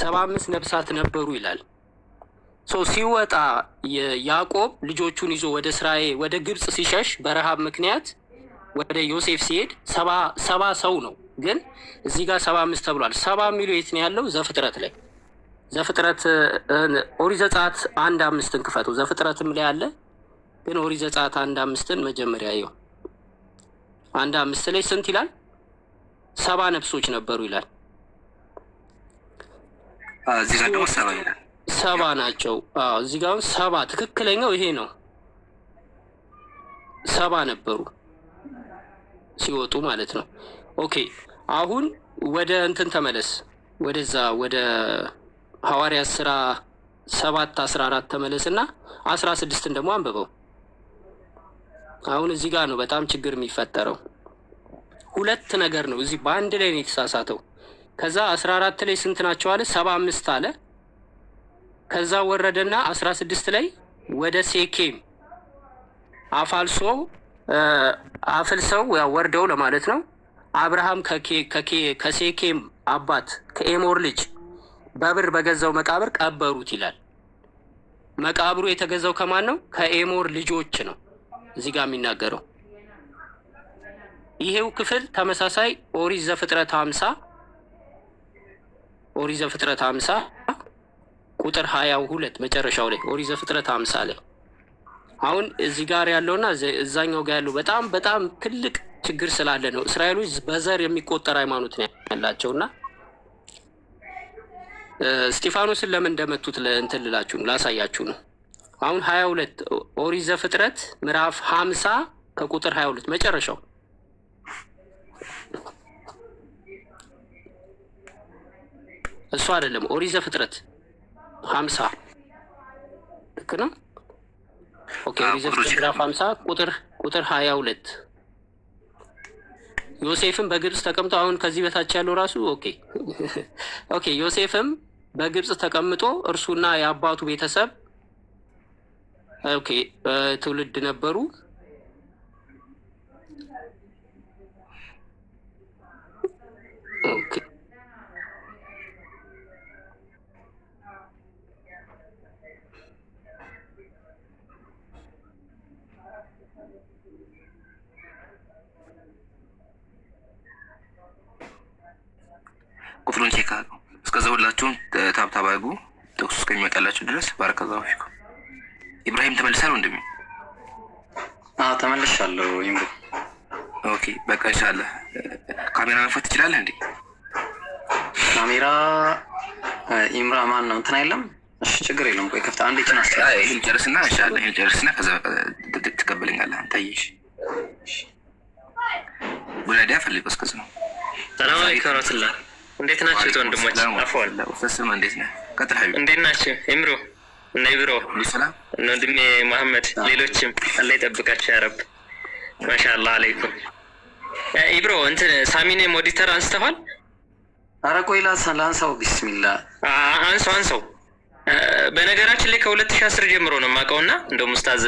ሰባ አምስት ነፍሳት ነበሩ ይላል። ሲወጣ ያዕቆብ ልጆቹን ይዞ ወደ እስራኤል ወደ ግብፅ ሲሸሽ በረሃብ ምክንያት ወደ ዮሴፍ ሲሄድ ሰባ ሰው ነው። ግን እዚህ ጋር ሰባ አምስት ተብሏል። ሰባ የሚለው የት ነው ያለው? ዘፍጥረት ላይ ዘፍጥረት ኦሪት ዘጸአት አንድ አምስትን ክፈቱ። ዘፍጥረትም ላይ አለ፣ ግን ኦሪት ዘጸአት አንድ አምስትን መጀመሪያ ይኸው አንድ አምስት ላይ ስንት ይላል? ሰባ ነፍሶች ነበሩ ይላል። እዚህ ጋር ደግሞ ሰባ ይላል። ሰባ ናቸው። እዚህ ጋር ሰባ ትክክለኛው ይሄ ነው። ሰባ ነበሩ ሲወጡ ማለት ነው። ኦኬ አሁን ወደ እንትን ተመለስ፣ ወደዛ ወደ ሐዋርያ ስራ ሰባት አስራ አራት ተመለስ እና አስራ ስድስትን ደግሞ አንብበው። አሁን እዚህ ጋር ነው በጣም ችግር የሚፈጠረው። ሁለት ነገር ነው እዚህ በአንድ ላይ ነው የተሳሳተው። ከዛ 14 ላይ ስንት ናቸው አለ 75 አለ። ከዛ ወረደና 16 ላይ ወደ ሴኬም አፋልሶ አፍልሰው ወርደው ለማለት ነው። አብርሃም ከሴኬም አባት ከኤሞር ልጅ በብር በገዛው መቃብር ቀበሩት ይላል። መቃብሩ የተገዛው ከማን ነው? ከኤሞር ልጆች ነው እዚህ ጋር የሚናገረው። ይሄው ክፍል ተመሳሳይ ኦሪት ዘፍጥረት 50 ኦሪት ዘፍጥረት አምሳ ቁጥር ሀያ ሁለት መጨረሻው ላይ ኦሪት ዘፍጥረት አምሳ ላይ አሁን እዚህ ጋር ያለውና እዛኛው ጋር ያለው በጣም በጣም ትልቅ ችግር ስላለ ነው። እስራኤሎች በዘር የሚቆጠር ሃይማኖት ነው ያላቸው እና እስጢፋኖስን ለምን እንደመቱት እንትን ልላችሁ ነው ላሳያችሁ ነው። አሁን ሀያ ሁለት ኦሪት ዘፍጥረት ምዕራፍ ሀምሳ ከቁጥር ሀያ ሁለት መጨረሻው እሱ አይደለም ኦሪት ዘፍጥረት ሀምሳ ልክ ነው። ኦኬ ኦሪት ዘፍጥረት ምዕራፍ ሀምሳ ቁጥር ቁጥር ሀያ ሁለት ዮሴፍም በግብፅ ተቀምጦ አሁን ከዚህ በታች ያለው ራሱ ኦኬ ኦኬ ዮሴፍም በግብፅ ተቀምጦ እርሱና የአባቱ ቤተሰብ ኦኬ ትውልድ ነበሩ። ኦኬ እስከዛ ሁላችሁም ታብታብ አድርጉ። ጥቅሱ እስከሚመጣላችሁ ድረስ ባረከዛ ፊኩ። ኢብራሂም ተመልሳል ወንድሜ? ተመልሻለሁ። ይምሩ ኦኬ፣ በቃ ይሻለ። ካሜራ መፈት ትችላለህ እንዴ? ካሜራ ኢምራ ማን ነው? እንትን አይለም። እሺ፣ ችግር የለም። ቆይ ከፍተህ አንድ ችን ይህን ጨርስና፣ ይሻለ ይህን ጨርስና፣ ከዛ ትቀበልኛለ ጠይሽ ጉዳዳ ፈልጎ እስከዚህ ነው። ሰላም አለይኩም ረትላ እንዴት ናቸው ወንድሞች? አፎን እንዴት ናቸው? ኢምሮ እና ኢብሮ ወንድሜ መሐመድ፣ ሌሎችም አላ ይጠብቃቸው ያረብ። ማሻአላህ አለይኩም ኢብሮ። እንትን ሳሚኔ ሞዲተር አንስተኋል? አረ ቆይ ላንሳው። ቢስሚላ አንሰው አንሰው በነገራችን ላይ ከሁለት ሺህ አስር ጀምሮ ነው የማውቀው እና እንደ ሙስታዝ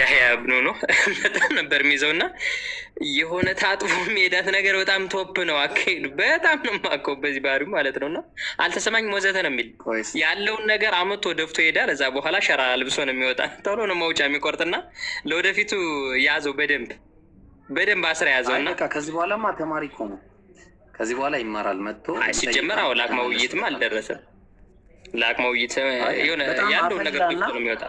ያህያ ብኑ ነው በጣም ነበር የሚይዘው እና የሆነ ታጥፎ የሚሄዳት ነገር በጣም ቶፕ ነው አካሄዱ። በጣም ነው የማውቀው በዚህ ባህሪ ማለት ነው። እና አልተሰማኝም ወዘተ ነው የሚል ያለውን ነገር አመቶ ደፍቶ ይሄዳል። እዛ በኋላ ሸራ ልብሶ ነው የሚወጣ። ተብሎ ነው መውጫ የሚቆርጥና ለወደፊቱ ያዘው በደንብ በደንብ አስራ ያዘው እና ከዚህ በኋላማ ተማሪ እኮ ነው። ከዚህ በኋላ ይማራል መጥቶ ሲጀመር አሁ ላቅመ ውይይትም አልደረሰም ለአቅመው ውይይት የሆነ ያለውን ነገር ነው የሚወጣ።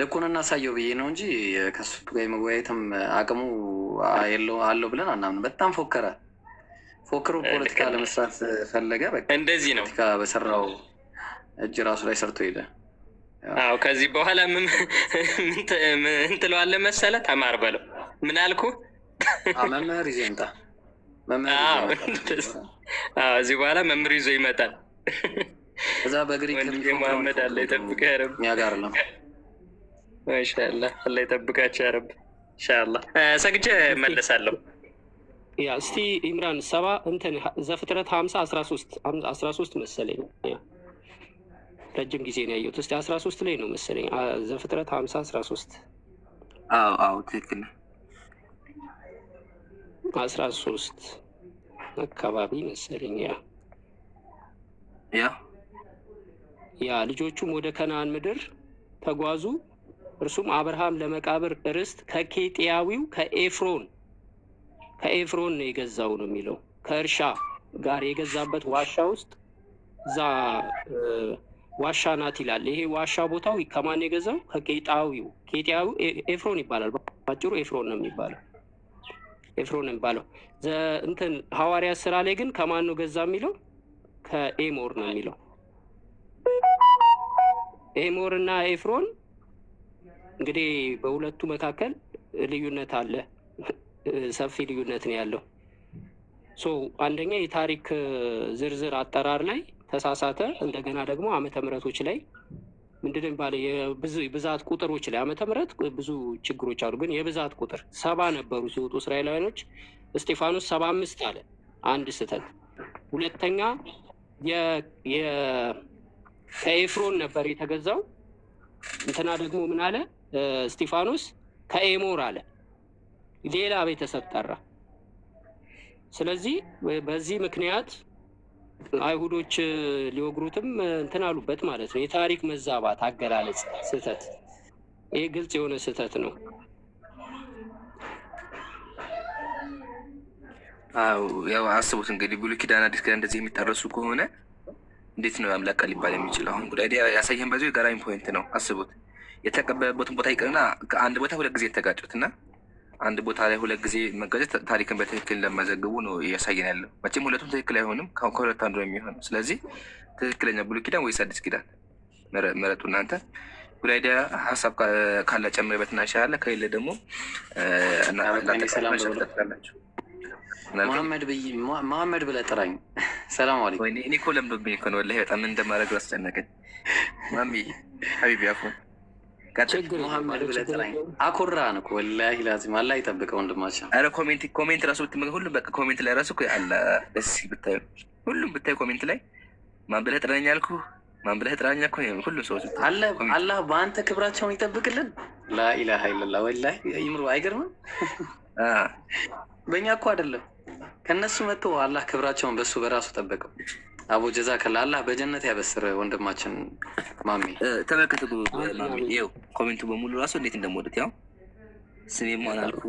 ልኩን እናሳየው ብዬ ነው እንጂ ከሱ ጋር የመወያየትም አቅሙ አለው ብለን አናምን። በጣም ፎከረ ፎክሮ ፖለቲካ ለመስራት ፈለገ። እንደዚህ ነው ፖለቲካ በሰራው እጅ ራሱ ላይ ሰርቶ ሄደ። አዎ ከዚህ በኋላ ምንትለዋለ መሰለ ተማር በለው። ምን አልኩ? መምህር ይዞ ይምጣ። እዚህ በኋላ መምህር ይዞ ይመጣል። እዛ በግሪክ መሐመድ አለ ይጠብቀ ያረብ ጋር ነው ማሻላ አላ ይጠብቃቸው ያረብ እንሻላ ሰግጀ መለሳለሁ ያ እስቲ ኢምራን ሰባ እንትን ዘፍጥረት ሀምሳ አስራ ሶስት አስራ ሶስት መሰለኝ ረጅም ጊዜ ነው ያየሁት እስቲ አስራ ሶስት ላይ ነው መሰለኝ ዘፍጥረት ሀምሳ አስራ ሶስት አዎ አዎ ትክክል አስራ ሶስት አካባቢ መሰለኝ ያ ያ ያ ልጆቹም ወደ ከነአን ምድር ተጓዙ። እርሱም አብርሃም ለመቃብር ርስት ከኬጥያዊው ከኤፍሮን ከኤፍሮን ነው የገዛው ነው የሚለው ከእርሻ ጋር የገዛበት ዋሻ ውስጥ እዛ ዋሻ ናት ይላል። ይሄ ዋሻ ቦታው ከማን የገዛው? ከኬጣዊው ኬጥያዊው ኤፍሮን ይባላል። ባጭሩ ኤፍሮን ነው የሚባለው ኤፍሮን የሚባለው እንትን ሐዋርያ ስራ ላይ ግን ከማን ነው ገዛ የሚለው ከኤሞር ነው የሚለው ኤሞር እና ኤፍሮን እንግዲህ በሁለቱ መካከል ልዩነት አለ። ሰፊ ልዩነት ነው ያለው። ሶ አንደኛ የታሪክ ዝርዝር አጠራር ላይ ተሳሳተ። እንደገና ደግሞ ዓመተ ምሕረቶች ላይ ምንድን የሚባለው የብዛት ቁጥሮች ላይ ዓመተ ምሕረት ብዙ ችግሮች አሉ። ግን የብዛት ቁጥር ሰባ ነበሩ ሲወጡ እስራኤላውያኖች። እስጢፋኖስ ሰባ አምስት አለ። አንድ ስህተት። ሁለተኛ ከኤፍሮን ነበር የተገዛው። እንትና ደግሞ ምን አለ እስጢፋኖስ ከኤሞር አለ፣ ሌላ ቤተሰብ ጠራ። ስለዚህ በዚህ ምክንያት አይሁዶች ሊወግሩትም እንትን አሉበት ማለት ነው። የታሪክ መዛባት፣ አገላለጽ ስህተት፣ ይህ ግልጽ የሆነ ስህተት ነው። ያው አስቡት እንግዲህ ብሉይ ኪዳን አዲስ ኪዳን እንደዚህ የሚጠረሱ ከሆነ እንዴት ነው ያምላቃል ሊባል የሚችል? አሁን ጉዳይ ያሳየን በዚ የጋራ ፖይንት ነው። አስቡት የተቀበለበትን ቦታ ይቅርና ከአንድ ቦታ ሁለት ጊዜ የተጋጩት እና አንድ ቦታ ላይ ሁለት ጊዜ መጋጨት ታሪክን በትክክል እንደመዘግቡ ነው እያሳየን ያለው። መቼም ሁለቱም ትክክል አይሆንም፣ ከሁለት አንዱ ነው የሚሆነው። ስለዚህ ትክክለኛ ብሉይ ኪዳን ወይስ አዲስ ኪዳን መረጡ እናንተ። ጉዳይ ሀሳብ ካለ ጨምረበት እናሻለ፣ ከሌለ ደግሞ እናላቸው መሐመድ ብይ መሐመድ ብለህ ጥራኝ። ሰላም አለይኩም። እኔ እኮ ለምዶብኝ እኮ ነው ወላሂ፣ በጣም ምን አስጨነቀኝ። ማሚ ሀቢቢ አፉ መሐመድ ብለህ ጥራኝ። አኮራን እኮ ወላሂ ላዚም። አላህ ይጠብቀው ወንድማችን። ኧረ ኮሜንት ኮሜንት ራሱ ብትመ ሁሉም በቃ ኮሜንት ላይ ራሱ አላ ደስ ብታዩ ሁሉም ብታዩ ኮሜንት ላይ ማን ብለህ ጥራኝ አልኩህ ማን ብለህ ጥራኛ እኮ ነው። ሁሉም ሰዎች አላህ በአንተ ክብራቸውን ይጠብቅልን። ላኢላሃ ኢለላ ወላሂ ይምሩ። አይገርምም? በእኛ እኮ አይደለም ከእነሱ መጥቶ አላህ ክብራቸውን በሱ በራሱ ጠበቀው። አቦ ጀዛ ከላ አላህ በጀነት ያበስር ወንድማችን ማሚ። ተመልከቱ ው ኮሜንቱ በሙሉ ራሱ እንዴት እንደሞሉት ያው ስሜ ማን አልኩ፣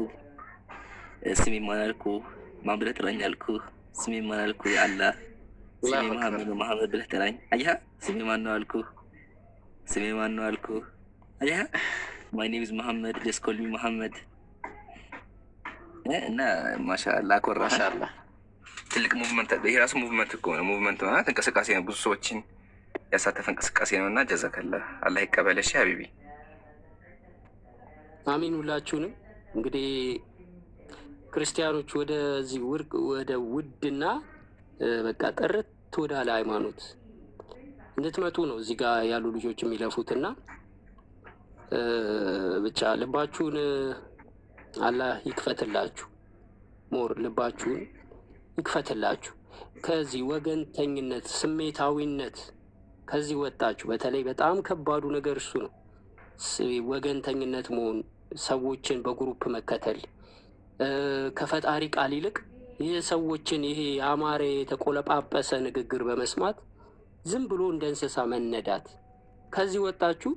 ስሜ ማን አልኩ፣ ማን ብለህ ጥራኛ አልኩ፣ ስሜ ማን አልኩ የአላህ ስሜ መሐመድ ብለህ ጥራኝ። ስሜ ማን ነው ስሜ ማን ነው ማይ መሐመድ ኮል ሚ መሐመድ። እና ትልቅ ሙቭመንት ይሄ ራሱ ሙቭመንት እኮ ነው። ሙቭመንት ማለት እንቅስቃሴ ነው። ብዙ ሰዎችን ያሳተፈ እንቅስቃሴ ነው እና አላህ ይቀበለሽ ሀቢቢ። አሚን። ሁላችሁንም እንግዲህ ክርስቲያኖች ወደዚህ ወደ ውድና በቃ ጥርት ወዳለ ሃይማኖት እንድትመጡ ነው እዚህ ጋር ያሉ ልጆች የሚለፉት እና ብቻ ልባችሁን አላህ ይክፈትላችሁ፣ ሞር ልባችሁን ይክፈትላችሁ። ከዚህ ወገንተኝነት፣ ስሜታዊነት ከዚህ ወጣችሁ። በተለይ በጣም ከባዱ ነገር እሱ ነው፣ ወገንተኝነት መሆን፣ ሰዎችን በግሩፕ መከተል ከፈጣሪ ቃል ይልቅ የሰዎችን ይሄ አማረ የተቆለጳጰሰ ንግግር በመስማት ዝም ብሎ እንደ እንስሳ መነዳት። ከዚህ ወጣችሁ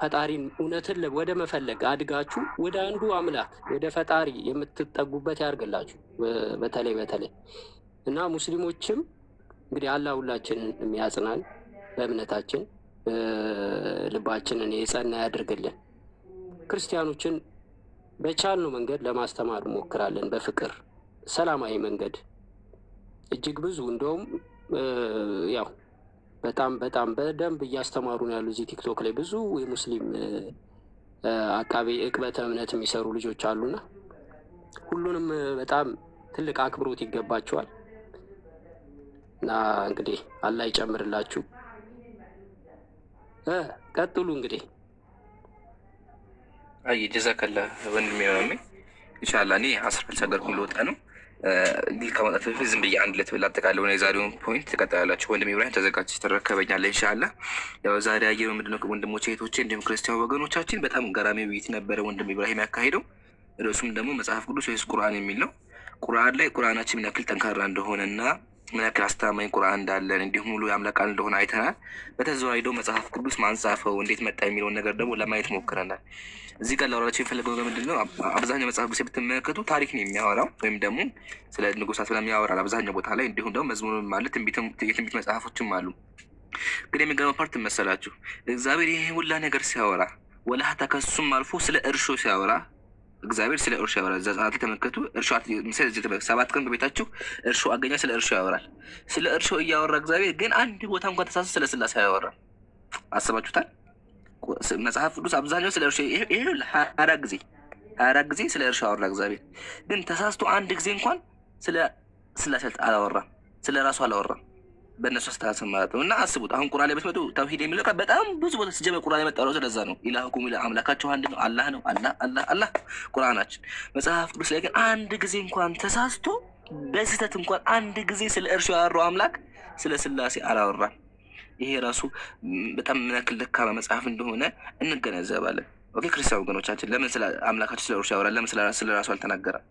ፈጣሪን እውነትን ወደ መፈለግ አድጋችሁ ወደ አንዱ አምላክ ወደ ፈጣሪ የምትጠጉበት ያርግላችሁ። በተለይ በተለይ እና ሙስሊሞችም እንግዲህ አላህ ሁላችንን የሚያጽናን በእምነታችን ልባችንን የጸና ያድርግልን። ክርስቲያኖችን በቻልነው መንገድ ለማስተማር እንሞክራለን በፍቅር ሰላማዊ መንገድ እጅግ ብዙ እንደውም ያው በጣም በጣም በደንብ እያስተማሩ ነው ያሉ እዚህ ቲክቶክ ላይ ብዙ የሙስሊም አቃቤ እቅበተ እምነት የሚሰሩ ልጆች አሉና ሁሉንም በጣም ትልቅ አክብሮት ይገባቸዋል። እና እንግዲህ አላህ ይጨምርላችሁ። ቀጥሉ እንግዲህ አይ ጀዛከላ ወንድሜ ማሜ ኢንሻላህ እኔ አስር አልቸገርኩም ልወጣ ነው። እንግዲህ ከማውጣት በፊት ዝም ብዬ አንድ ለት አጠቃለሁ ሆነ የዛሬውን ፖይንት ትቀጥላላችሁ። ወንድም ኢብራሂም ተዘጋጅ ተረከበኛለ እንሻላ። ያው ዛሬ አየሩ ምንድነው ወንድሞች እህቶቼ፣ እንዲሁም ክርስቲያን ወገኖቻችን በጣም ገራሚ ውይይት ነበረ ወንድም ኢብራሂም ያካሄደው። ርዕሱም ደግሞ መጽሐፍ ቅዱስ ወይስ ቁርአን የሚል ነው። ቁርአን ላይ ቁርአናችን ምን ያክል ጠንካራ እንደሆነ እና ምን ያክል አስተማማኝ ቁርአን እንዳለን እንዲሁም ሙሉ የአምላክ ቃል እንደሆነ አይተናል። በተዘዋዋሪ ደግሞ መጽሐፍ ቅዱስ ማን ጻፈው፣ እንዴት መጣ የሚለውን ነገር ደግሞ ለማየት ሞክረናል። እዚህ ጋር ላወራቸው የፈለገው ምንድን ነው? አብዛኛው መጽሐፍ ቅዱስ ብትመለከቱ ታሪክ ነው የሚያወራው ወይም ደግሞ ስለ ንጉሳት ምናምን ያወራል አብዛኛው ቦታ ላይ። እንዲሁም ደግሞ መዝሙር አለ፣ የትንቢት መጽሐፎችም አሉ። ግን የሚገርመው ፓርት መሰላችሁ እግዚአብሔር ይህ ሁላ ነገር ሲያወራ ወላሂ ከሱም አልፎ ስለ እርሾ ሲያወራ እግዚአብሔር ስለ እርሾ ያወራል። ዘጸአት ተመልከቱ። ሰባት ቀን በቤታችሁ እርሾ አገኛ ስለ እርሾ ያወራል። ስለ እርሾ እያወራ እግዚአብሔር ግን አንድ ቦታ እንኳን ተሳስቶ ስለ ስላሴ ያወራ አስባችሁታል? መጽሐፍ ቅዱስ አብዛኛው ስለ እርሾ ይሄ አራት ጊዜ ሀያ አራት ጊዜ ስለ እርሾ ያወራ እግዚአብሔር ግን ተሳስቶ አንድ ጊዜ እንኳን ስለ ስላሴ አላወራም። ስለ ራሱ አላወራም። በእነሱ አስተሳሰብ ማለት ነው። እና አስቡት አሁን ቁርአን ላይ ብትመጡ ተውሂድ የሚለው በጣም ብዙ ቦታ ሲጀመር ቁርአን የመጣው ራሱ ለዛ ነው። ኢላሁኩም ኢላ አምላካቸው አንድ ነው፣ አላህ ነው። አላህ አላህ አላህ ቁርአናችን። መጽሐፍ ቅዱስ ላይ ግን አንድ ጊዜ እንኳን ተሳስቶ በስህተት እንኳን አንድ ጊዜ ስለ እርሱ ያወራው አምላክ ስለ ስላሴ አላወራም። ይሄ ራሱ በጣም ምን ያክል ደካማ መጽሐፍ እንደሆነ እንገነዘባለን። ኦኬ ክርስቲያን ወገኖቻችን ለምን ስለ አምላካቸው ስለ እርሱ ያወራል? ለምን ስለ ራሱ አልተናገረም?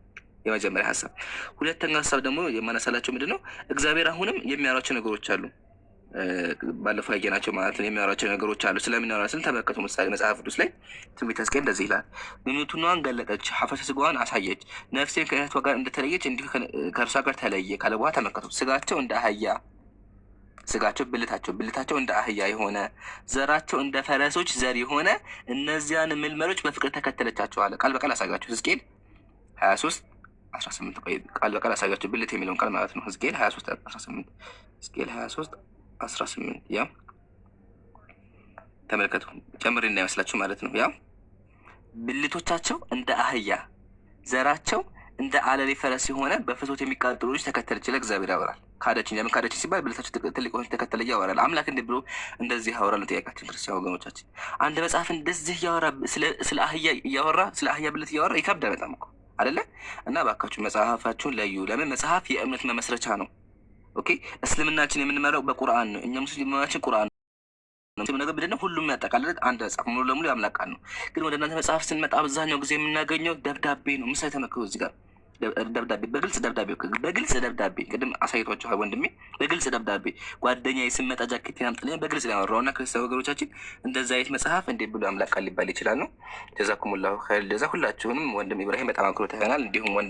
የመጀመሪያ ሀሳብ። ሁለተኛ ሀሳብ ደግሞ የማነሳላቸው ምንድን ነው፣ እግዚአብሔር አሁንም የሚያሯቸው ነገሮች አሉ። ባለፈው ያየናቸው ማለት ነው። የሚያወራቸው ነገሮች አሉ። ስለሚኖራ ስል ተመልከቱ። ምሳሌ መጽሐፍ ቅዱስ ላይ ትንቢተ ሕዝቅኤል እንደዚህ ይላል፣ ምኑትናዋን ገለጠች፣ ሀፍረተ ስጋዋን አሳየች፣ ነፍሴን ከእህቷ ጋር እንደተለየች እንዲሁ ከእርሷ ጋር ተለየ ካለ በኋላ ተመልከቱ፣ ስጋቸው እንደ አህያ ስጋቸው ብልታቸው ብልታቸው እንደ አህያ የሆነ ዘራቸው እንደ ፈረሶች ዘር የሆነ እነዚያን ምልመሎች በፍቅር ተከተለቻቸው አለ። ቃል በቃል አሳጋቸው ሕዝቅኤል ሀያ ሶስት 18 ቃል በቃል አሳያቸው ብልት የሚለውን ቃል ማለት ነው። ሕዝቅኤል 23 18 ሕዝቅኤል 23 18 ያ ተመልከቱ፣ ጨምር እንዳይመስላችሁ ማለት ነው። ያ ብልቶቻቸው እንደ አህያ ዘራቸው እንደ አለሌ ፈረስ ሲሆነ በፍትወት የሚቃጠሉ ልጅ ተከተለች ይላል እግዚአብሔር ያወራል። ካደችን ለምን ካደችን ሲባል ብልታቸው ትልቅ ሆነች ተከተለ እያወራል አምላክ እንዲህ ብሎ እንደዚህ ያወራል ነው ጥያቄያችን ክርስቲያን ወገኖቻችን። አንድ መጽሐፍ እንደዚህ እያወራ ስለ አህያ እያወራ ስለ አህያ ብልት እያወራ ይከብዳል በጣም እኮ አደለ እና ባካችሁ መጽሐፋችሁን ለዩ። ለምን መጽሐፍ የእምነት መመስረቻ ነው። ኦኬ እስልምናችን የምንመራው በቁርአን ነው። እኛ ሙስሊማችን ቁርአን ነው ነገር ብድነ ሁሉም ያጠቃልለት አንድ መጽሐፍ ሙሉ ለሙሉ ያምላካል ነው። ግን ወደ እናንተ መጽሐፍ ስንመጣ አብዛኛው ጊዜ የምናገኘው ደብዳቤ ነው። ምሳሌ ተመክሮ እዚህ ጋር ደብዳቤ በግልጽ ደብዳቤ በግልጽ ደብዳቤ ቅድም አሳይቷቸኋል ወንድሜ። በግልጽ ደብዳቤ ጓደኛ ስመጣ ጃኬት አምጥልኝ በግልጽ ነው ያወራው እና ክርስቲያን ወገኖቻችን እንደዛ አይነት መጽሐፍ እንዴ ብሎ አምላክ ሊባል ይችላል ነው። ጀዛኩሙላሁ ኸይር። ሁላችሁንም ወንድም ኢብራሂም በጣም አክሮት ይሆናል እንዲሁም